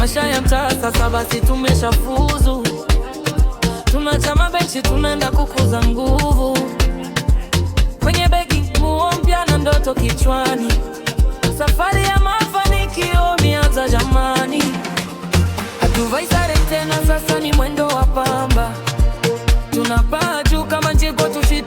Maisha ya mtaa sasa, basi tumeshafuzu, tunachama benchi, tunaenda kukuza nguvu kwenye begi, nguo mpya na ndoto kichwani. Safari ya mafanikio mianza jamani, hatuvai sare tena, sasa ni mwendo wa pamba, tunapaa juu kama njigo tushi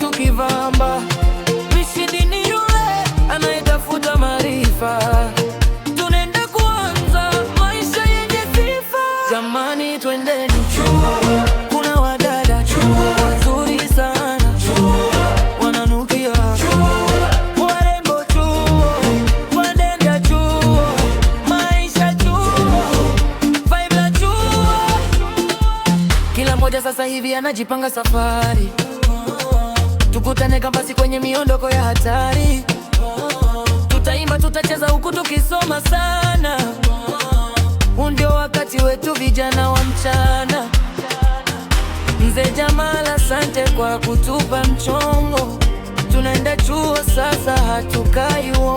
Moja sasa hivi anajipanga safari, tukutane kampasi kwenye miondoko ya hatari. Tutaimba, tutacheza huku tukisoma sana. Huu ndio wakati wetu vijana wa mchana. Mzee Jamal, asante kwa kutupa mchongo. Tunaenda chuo sasa, hatukai